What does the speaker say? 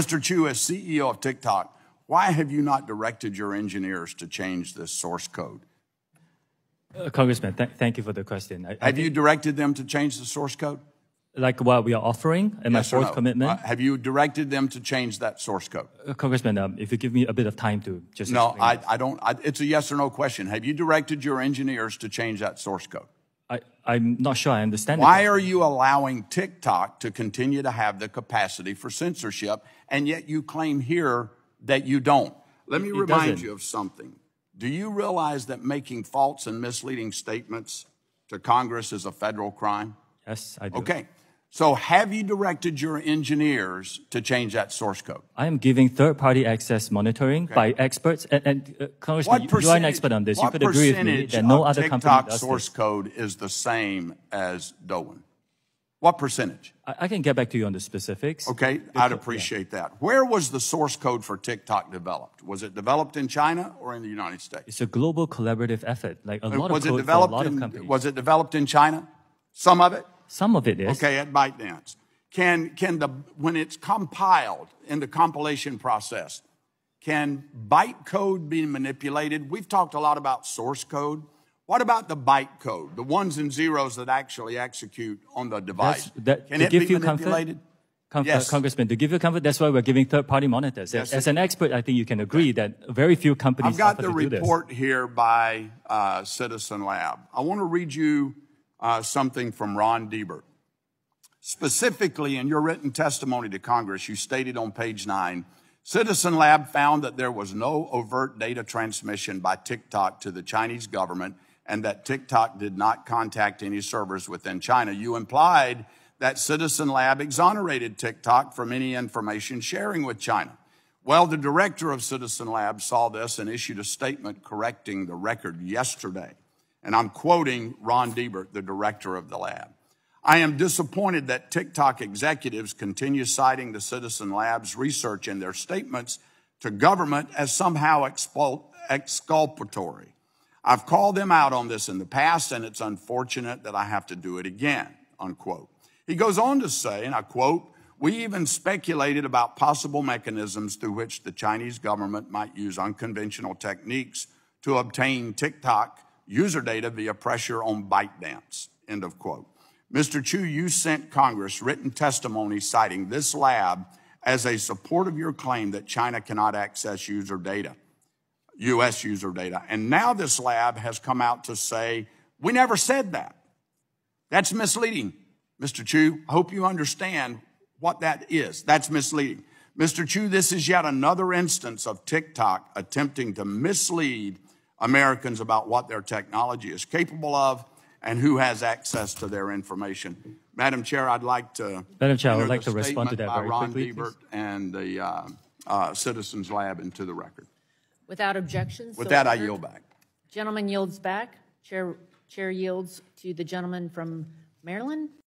Mr. Chu, as CEO of TikTok, why have you not directed your engineers to change this source code? Uh, Congressman, th thank you for the question. I, have I you directed them to change the source code? Like what we are offering in yes my fourth no? commitment? Uh, have you directed them to change that source code? Uh, Congressman, um, if you give me a bit of time to just. No, I, I, don't. it's a yes or no question. Have you directed your engineers to change that source code? I, I'm not sure I understand. Why are you allowing TikTok to continue to have the capacity for censorship, and yet you claim here that you don't? Let me it remind doesn't. you of something. Do you realize that making false and misleading statements to Congress is a federal crime? Yes, I do. Okay. So have you directed your engineers to change that source code? I am giving third-party access monitoring okay. by experts. And, and uh, Congressman, you are an expert on this. You could agree with me that no other TikTok company does source this. code is the same as Doan. What percentage? I, I, can get back to you on the specifics. Okay, I'd appreciate yeah. that. Where was the source code for TikTok developed? Was it developed in China or in the United States? It's a global collaborative effort. Like a lot was of code it developed for a lot in, of companies. Was it developed in China? Some of it? Some of it is. Okay, at ByteDance. Can, can the, when it's compiled in the compilation process, can byte code be manipulated? We've talked a lot about source code. What about the byte code, the ones and zeros that actually execute on the device? That, Can it be manipulated? Comfort, yes. Congressman, to give you comfort, that's why we're giving third-party monitors. Yes. As an expert, I think you can agree okay. that very few companies. I've got the report here by uh, Citizen Lab. I want to read you uh, something from Ron Diebert. Specifically, in your written testimony to Congress, you stated on page nine Citizen Lab found that there was no overt data transmission by TikTok to the Chinese government and that TikTok did not contact any servers within China. You implied that Citizen Lab exonerated TikTok from any information sharing with China. Well, the director of Citizen Lab saw this and issued a statement correcting the record yesterday. And I'm quoting Ron Diebert, the director of the lab. I am disappointed that TikTok executives continue citing the Citizen Labs research in their statements to government as somehow exculpatory. I've called them out on this in the past, and it's unfortunate that I have to do it again, unquote. He goes on to say, and I quote, we even speculated about possible mechanisms through which the Chinese government might use unconventional techniques to obtain TikTok user data via pressure on ByteDance, end of quote. Mr. Chu, you sent Congress written testimony citing this lab as a support of your claim that China cannot access user data, U.S. user data. And now this lab has come out to say, we never said that. That's misleading, Mr. Chu. I hope you understand what that is. That's misleading. Mr. Chu, this is yet another instance of TikTok attempting to mislead Americans about what their technology is capable of and who has access to their information. Madam Chair, I'd like to. Madam Chair, I would like to respond to that by very Ron quickly. Ebert and the uh, uh, Citizens Lab into the record. Without objections. With so that, I yield back. Gentleman yields back. Chair, chair yields to the gentleman from Maryland.